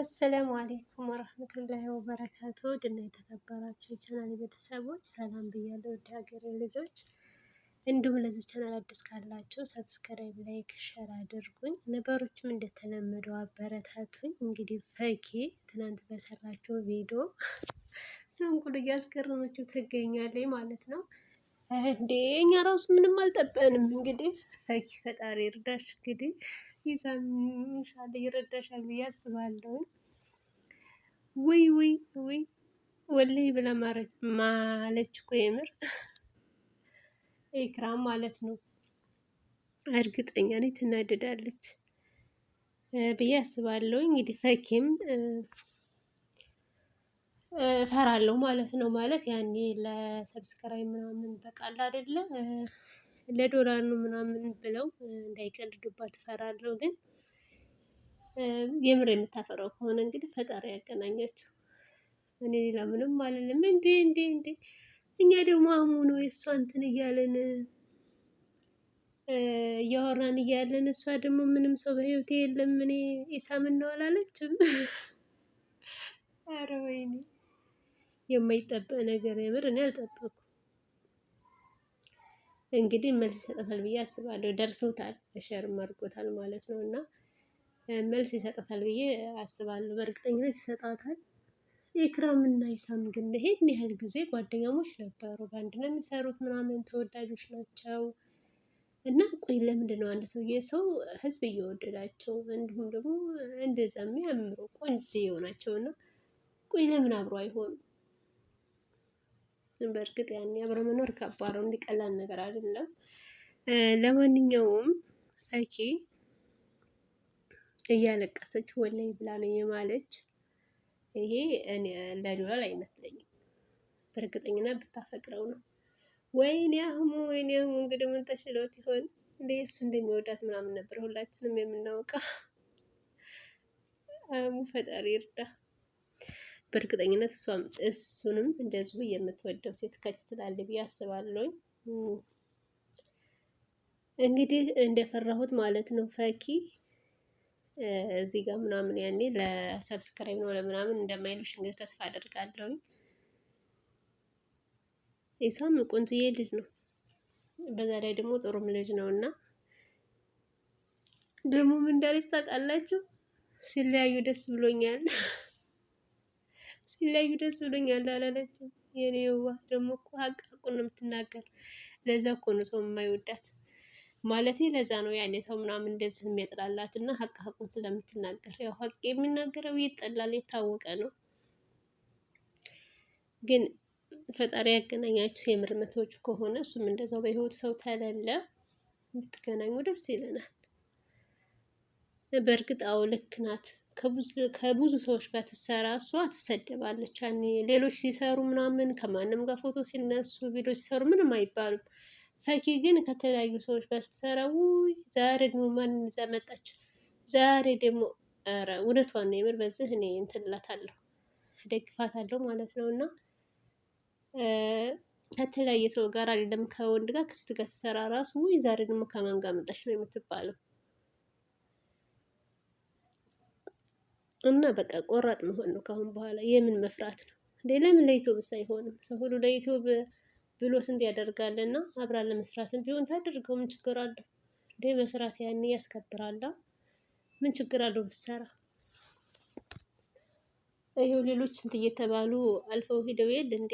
አሰላሙ አሌይኩም ወረህመቱላሂ ወበረካቱ ድና የተከበራችሁ የቻናል ቤተሰቦች ሰላም ብያለሁ። ወደ ሀገሬ ልጆች እንዲሁም ለዚህ ቻናል አዲስ ካላችሁ ሰብስክራይብ፣ ላይክ፣ ሸር አድርጉኝ። ነበሮችም እንደተለመደው አበረታቱኝ። እንግዲህ ፈኪ ትናንት በሰራቸው ቪዲዮ ስም እያስገረመችው ትገኛለች ማለት ነው። እንዴ እኛ ራሱ ምንም አልጠበንም። እንግዲህ ፈኪ ፈጣሪ እርዳሽ እንግዲህ ይሰሚሻል፣ ይረዳሻል ብዬ አስባለሁ። ውይ ውይ ውይ ወላሂ ብላ ማለች እኮ የምር ኤክራም ማለት ነው። እርግጠኛ ነኝ ትናደዳለች ብዬ አስባለሁ። እንግዲህ ፈኪም እፈራለሁ ማለት ነው። ማለት ያኔ ለሰብስክራይብ ምናምን በቃል አይደለም ለዶላር ነው ምናምን ብለው እንዳይቀልዱባት እፈራለሁ። ግን የምር የምታፈራው ከሆነ እንግዲህ ፈጣሪ ያገናኛቸው። እኔ ሌላ ምንም አልልም። እንዴ እንዴ እንዴ እኛ ደግሞ አሙ ነው የእሷ እንትን እያለን እያወራን እያለን እሷ ደግሞ ምንም ሰው በህይወቴ የለም እኔ ኢሳም እናዋላለችም። ኧረ ወይኔ የማይጠበቅ ነገር የምር እኔ አልጠበኩም። እንግዲህ መልስ ይሰጣታል ብዬ አስባለሁ። ደርሶታል፣ ሸርም መርጎታል ማለት ነው እና መልስ ይሰጣታል ብዬ አስባለሁ። በእርግጠኝነት ይሰጣታል። ኢክራም እና ኢሳም ግን ይሄን ያህል ጊዜ ጓደኛሞች ነበሩ፣ በአንድ ነው የሚሰሩት ምናምን ተወዳጆች ናቸው። እና ቆይ ለምንድን ነው አንድ ሰውዬ ሰው ህዝብ እየወደዳቸው እንዲሁም ደግሞ እንደዛ የሚያምሩ ቆንጆ የሆናቸው እና ቆይ ለምን አብሮ አይሆኑ በእርግጥ ያኔ አብረ መኖር ከባረው እንዲቀላል ነገር አይደለም። ለማንኛውም ፈኪ እያለቀሰች ወላይ ብላ ነው የማለች። ይሄ ለዶላር አይመስለኝም፣ በእርግጠኝና ብታፈቅረው ነው። ወይኔ አህሙ ወይኔ አህሙ እንግዲህ ምን ተሽሎት ይሆን እንዴ? እሱ እንደሚወዳት ምናምን ነበር ሁላችንም የምናውቀው። አህሙ ፈጣሪ ይርዳ። በእርግጠኝነት እሱንም እንደዚሁ የምትወደው ሴት ከች ትላል ብዬ አስባለሁኝ። እንግዲህ እንደፈራሁት ማለት ነው ፈኪ እዚህ ጋር ምናምን ያኔ ለሰብስክራይብ ነው ለምናምን እንደማይሉሽ እንግዲህ ተስፋ አደርጋለሁኝ። ኢሳም ቆንጆዬ ልጅ ነው፣ በዛ ላይ ደግሞ ጥሩም ልጅ ነው እና ደግሞ ምን እንዳለች ታውቃላችሁ? ሲለያዩ ደስ ብሎኛል። ሲለዩ ደስ ብሎኛል አላለችም። የኔ ዋ ደግሞ እኮ ሀቅ ነው የምትናገር። ለዛ እኮ ነው ሰው የማይወዳት ማለት ለዛ ነው ያኔ ሰው ምናምን እንደዚህ የሚያጥላላት እና ሀቅ ሀቁን ስለምትናገር፣ ያው ሀቅ የሚናገረው ይጠላል፣ የታወቀ ነው። ግን ፈጣሪ ያገናኛችሁ የምርመቶች ከሆነ እሱም እንደዛው በህይወት ሰው ተለለ ብትገናኙ ደስ ይለናል። በእርግጥ አዎ ልክ ናት። ከብዙ ሰዎች ጋር ትሰራ እሷ ትሰደባለች። ሌሎች ሲሰሩ ምናምን ከማንም ጋር ፎቶ ሲነሱ ቪዲዮ ሲሰሩ ምንም አይባሉም። ፈኪ ግን ከተለያዩ ሰዎች ጋር ስትሰራ ውይ ዛሬ ደግሞ ማን ይዛ መጣች? ዛሬ ደግሞ ኧረ እውነቷን ነው የምር። በዚህ እኔ እንትን ደግፋታለሁ ማለት ነው እና ከተለያየ ሰው ጋር አይደለም ከወንድ ጋር ከሴት ጋር ስትሰራ ራሱ ውይ ዛሬ ደግሞ ከማን ጋር መጣች ነው የምትባለው። እና በቃ ቆራጥ መሆን ነው ከአሁን በኋላ የምን መፍራት ነው እንዴ? ለምን ለዩቱብ አይሆንም? ሰው ሁሉ ለዩቱብ ብሎ ስንት ያደርጋልና አብራ ለመስራትም ቢሆን ታደርገው ምን ችግር አለው እንዴ? መስራት ያን ያስከብራል። ምን ችግር አለው ብትሰራ? ይሄው ሌሎች ስንት እየተባሉ አልፈው ሄደው የለ እንዴ?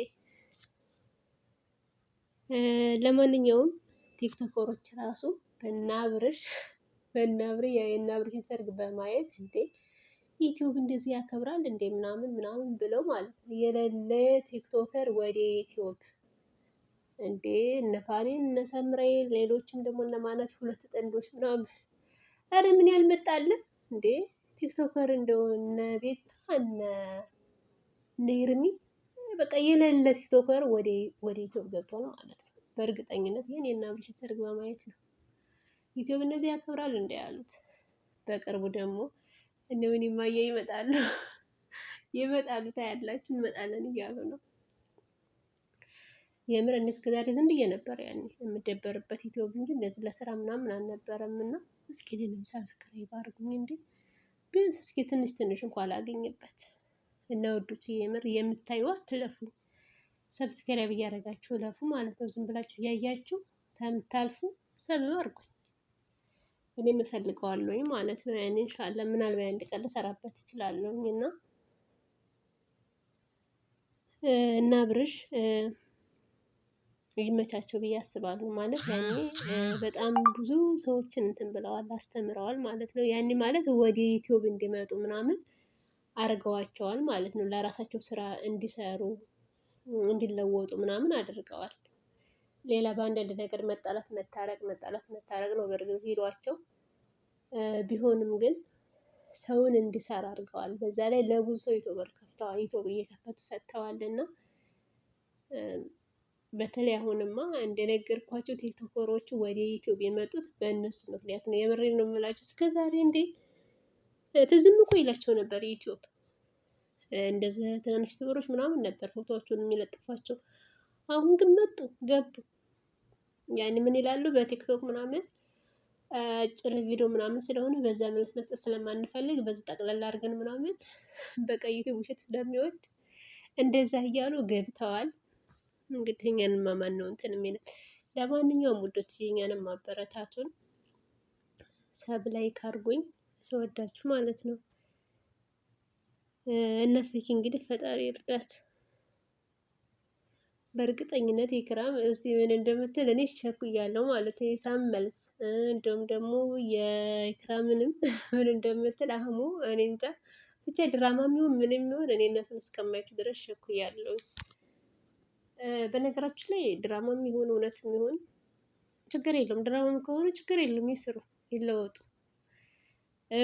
ለማንኛውም ቲክቶከሮች ራሱ በእናብርሽ በእናብር የእናብርሽን ሰርግ በማየት እንዴ ዩቲዩብ እንደዚህ ያከብራል እንደ ምናምን ምናምን ብለው ማለት ነው። የሌለ ቲክቶከር ወደ ዩቲዩብ እንዴ እነፋኔን እነሰምሬ ሌሎችም ደግሞ እነማናቸው ሁለት ጥንዶች ምናምን አረ ምን ያልመጣለ እንዴ ቲክቶከር እንደሆነ ቤታ እነ ይርሚ በቃ የሌለ ቲክቶከር ወደ ዩቲዩብ ገብቶ ነው ማለት ነው። በእርግጠኝነት ይህን የና ሰርግ በማየት ነው ዩቲዩብ እንደዚህ ያከብራል እንደ ያሉት በቅርቡ ደግሞ እነውን ማየ ይመጣሉ ይመጣሉ ታያላችሁ፣ እንመጣለን እያሉ ነው። የምር እኔ እስከ ዛሬ ዝም ብዬ ነበር ያኔ የምደበርበት ኢትዮብ እንጂ እንደዚህ ለስራ ምናምን አልነበረም። እና እስኪ እኔንም ሳብስክራይብ አድርጉኝ እንዴ ቢያንስ እስኪ ትንሽ ትንሽ እንኳን ላገኝበት እና ወዱት የምር የምታዩ ትለፉ ሰብስክራይብ እያደረጋችሁ ለፉ ማለት ነው። ዝም ብላችሁ እያያችሁ ከምታልፉ ሰብ አድርጉኝ። እኔም እፈልገዋለሁኝ ማለት ነው። ያኔ እንሻላ ምናልባት አንድ ቀን ልሰራበት እችላለሁኝ እና እና ብርሽ ይመቻቸው ብዬ አስባለሁ። ማለት ያኔ በጣም ብዙ ሰዎችን እንትን ብለዋል፣ አስተምረዋል ማለት ነው። ያኔ ማለት ወደ ዩቲዩብ እንዲመጡ ምናምን አድርገዋቸዋል ማለት ነው። ለራሳቸው ስራ እንዲሰሩ እንዲለወጡ ምናምን አድርገዋል። ሌላ በአንዳንድ ነገር መጣላት መታረቅ መጣላት መታረቅ ነው በእርግጥ ሂዷቸው ቢሆንም ግን ሰውን እንዲሰራ አድርገዋል። በዛ ላይ ለብዙ ሰው ዩቱበር ከፍተዋል። ዩቱብ እየከፈቱ ሰጥተዋል እና በተለይ አሁንማ እንደነገርኳቸው ቲክቶከሮቹ ወደ ዩቲዩብ የመጡት በእነሱ ምክንያት ነው። የምሬ ነው የምላቸው። እስከ ዛሬ እንዴ ትዝም እኮ ይላቸው ነበር ዩቲዩብ እንደዚህ ትናንሽ ዩቱበሮች ምናምን ነበር ፎቶዎቹን የሚለጥፏቸው። አሁን ግን መጡ ገቡ። ያን ምን ይላሉ በቲክቶክ ምናምን አጭር ቪዲዮ ምናምን ስለሆነ በዛ መልስ መስጠት ስለማንፈልግ በዚህ ጠቅላላ አድርገን ምናምን በቀይቱ ውሸት ስለሚወድ እንደዛ እያሉ ገብተዋል። እንግዲህ እኛን ማማን ነው እንትን የሚለን? ለማንኛውም ውዶች እኛን ማበረታቱን ሰብ ላይ ካርጉኝ ስወዳችሁ ማለት ነው። እነ ፈኪ እንግዲህ ፈጣሪ እርዳት። በእርግጠኝነት የክራም እስቲ ምን እንደምትል እኔ እያለው ማለት ነው። የሳም መልስ እንዲሁም ደግሞ የክራምንም ምን እንደምትል አህሙ እኔ እንጃ ብቻ ድራማ የሚሆን ምንም የሚሆን እኔ እነሱን እስከማያችሁ ድረስ እያለው። በነገራችሁ ላይ ድራማ የሚሆን እውነት የሚሆን ችግር የለውም። ድራማም ከሆነ ችግር የለውም፣ ይስሩ፣ ይለወጡ።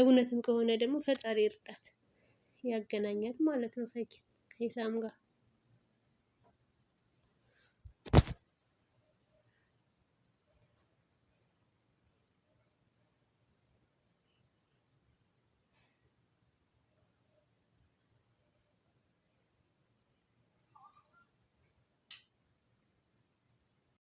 እውነትም ከሆነ ደግሞ ፈጣሪ እርዳት፣ ያገናኛት ማለት ነው ፈኪ ከሳም ጋር